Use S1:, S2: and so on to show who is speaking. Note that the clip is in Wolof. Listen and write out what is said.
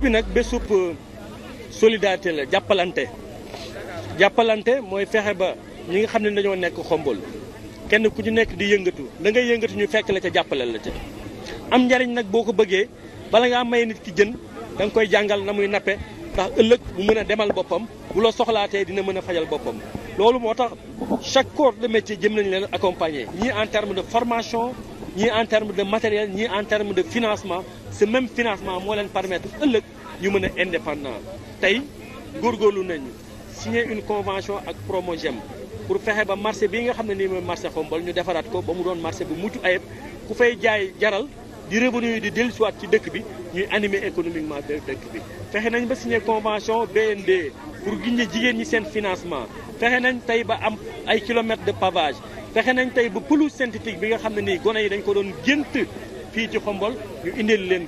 S1: bi nag bésup euh, solidarité la jàppalante jàppalante mooy fexe ba ñi nga xam ne dañoo nekk xombol kenn ku ñu nekk di yëngatu la ngay yëngatu ñu fekk la ca jàppale la ca am njariñ nag boo ko bëggee bala ngaa may nit ki jën danga koy jàngal na muy nappe ndax ëllëg mu mën a demal boppam bu la soxlaatee dina mën a fajal boppam loolu moo tax chaque corps de métier jëm nañu leen accompagner ñi en terme de formation ñii en terme de matériel ñii en terme de financement ce même financement moo leen permettre ëllëg ñu mën a indépendant tey góorgóorlu nañu signer une convention ak Promogem pour fexe ba marché bii nga xam ne nii mooy marché Xombol ñu defaraat ko ba mu doon marché bu mucc ayib ku fay jaay jaral di revenu di di dellusiwaat ci dëkk bi ñuy animer économiquement dëkk bi fexe nañ ba signer convention BND pour gindi jigéen ñi seen financement fexe nañ tey ba am ay kilomètres de pavage fexe nañ tey ba pelouse synthétique bi nga xam ne nii gone yi dañ ko doon gént fii ci Xombol ñu indil leen